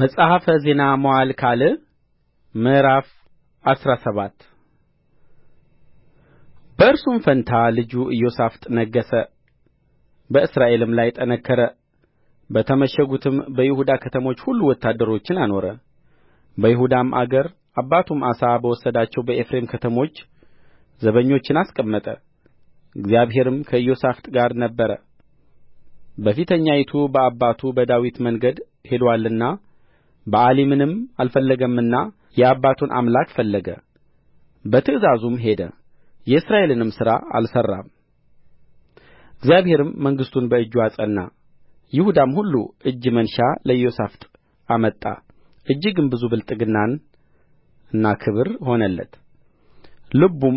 መጽሐፈ ዜና መዋዕል ካልዕ ምዕራፍ አስራ ሰባት በእርሱም ፈንታ ልጁ ኢዮሣፍጥ ነገሠ፣ በእስራኤልም ላይ ጠነከረ። በተመሸጉትም በይሁዳ ከተሞች ሁሉ ወታደሮችን አኖረ። በይሁዳም አገር አባቱም አሳ በወሰዳቸው በኤፍሬም ከተሞች ዘበኞችን አስቀመጠ። እግዚአብሔርም ከኢዮሣፍጥ ጋር ነበረ፣ በፊተኛይቱ በአባቱ በዳዊት መንገድ ሄዶአልና በኣሊምንም አልፈለገምና የአባቱን አምላክ ፈለገ በትእዛዙም ሄደ የእስራኤልንም ሥራ አልሠራም እግዚአብሔርም መንግሥቱን በእጁ አጸና ይሁዳም ሁሉ እጅ መንሻ ለኢዮሣፍጥ አመጣ እጅግም ብዙ ብልጥግናና ክብር ሆነለት ልቡም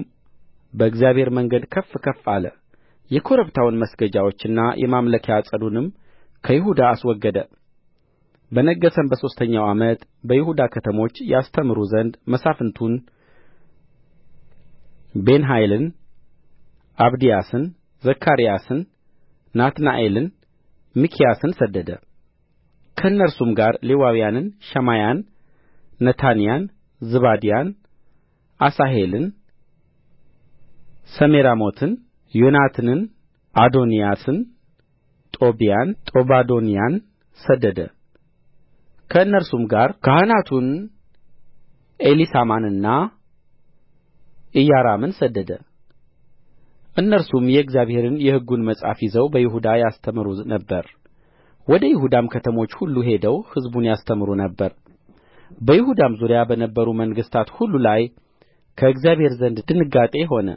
በእግዚአብሔር መንገድ ከፍ ከፍ አለ የኮረብታውን መስገጃዎችና የማምለኪያ ዐፀዱንም ከይሁዳ አስወገደ በነገሠም በሦስተኛው ዓመት በይሁዳ ከተሞች ያስተምሩ ዘንድ መሳፍንቱን ቤንኃይልን አብድያስን ዘካርያስን ናትናኤልን ሚክያስን ሰደደ ከእነርሱም ጋር ሌዋውያንን ሸማያን ነታንያን ዝባድያን አሣሄልን ሰሚራሞትን ዮናትንን አዶንያስን ጦብያን ጦባዶንያን ሰደደ ከእነርሱም ጋር ካህናቱን ኤሊሳማንና ኢዮራምን ሰደደ እነርሱም የእግዚአብሔርን የሕጉን መጽሐፍ ይዘው በይሁዳ ያስተምሩ ነበር ወደ ይሁዳም ከተሞች ሁሉ ሄደው ሕዝቡን ያስተምሩ ነበር በይሁዳም ዙሪያ በነበሩ መንግሥታት ሁሉ ላይ ከእግዚአብሔር ዘንድ ድንጋጤ ሆነ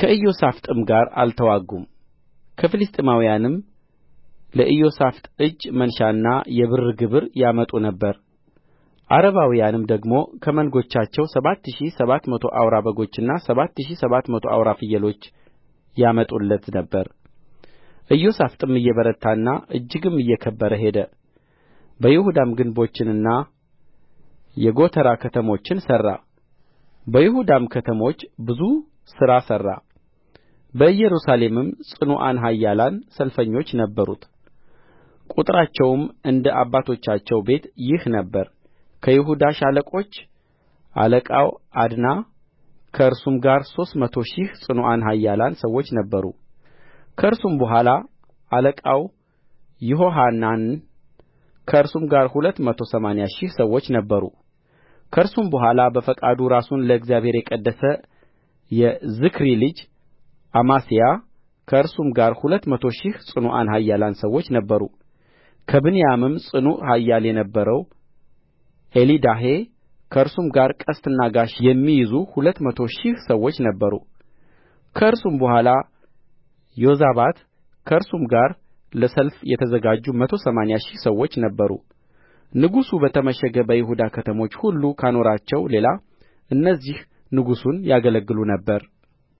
ከኢዮሣፍጥም ጋር አልተዋጉም ከፍልስጥኤማውያንም ለኢዮሣፍጥ እጅ መንሻና የብር ግብር ያመጡ ነበር ዓረባውያንም ደግሞ ከመንጎቻቸው ሰባት ሺህ ሰባት መቶ አውራ በጎችና ሰባት ሺህ ሰባት መቶ አውራ ፍየሎች ያመጡለት ነበር ኢዮሣፍጥም እየበረታና እጅግም እየከበረ ሄደ በይሁዳም ግንቦችንና የጎተራ ከተሞችን ሠራ በይሁዳም ከተሞች ብዙ ሥራ ሠራ በኢየሩሳሌምም ጽኑዓን ኃያላን ሰልፈኞች ነበሩት ቍጥራቸውም እንደ አባቶቻቸው ቤት ይህ ነበረ ከይሁዳ ሻለቆች አለቃው ዓድና ከእርሱም ጋር ሦስት መቶ ሺህ ጽኑዓን ኃያላን ሰዎች ነበሩ ከእርሱም በኋላ አለቃው ይሆሐናን ከእርሱም ጋር ሁለት መቶ ሰማንያ ሺህ ሰዎች ነበሩ ከእርሱም በኋላ በፈቃዱ ራሱን ለእግዚአብሔር የቀደሰ የዝክሪ ልጅ አማስያ ከእርሱም ጋር ሁለት መቶ ሺህ ጽኑዓን ኃያላን ሰዎች ነበሩ ከብንያምም ጽኑዕ ኃያል የነበረው ኤሊዳሄ ከእርሱም ጋር ቀስትና ጋሻ የሚይዙ ሁለት መቶ ሺህ ሰዎች ነበሩ ከእርሱም በኋላ ዮዛባት ከእርሱም ጋር ለሰልፍ የተዘጋጁ መቶ ሰማንያ ሺህ ሰዎች ነበሩ ንጉሡ በተመሸገ በይሁዳ ከተሞች ሁሉ ካኖራቸው ሌላ እነዚህ ንጉሡን ያገለግሉ ነበር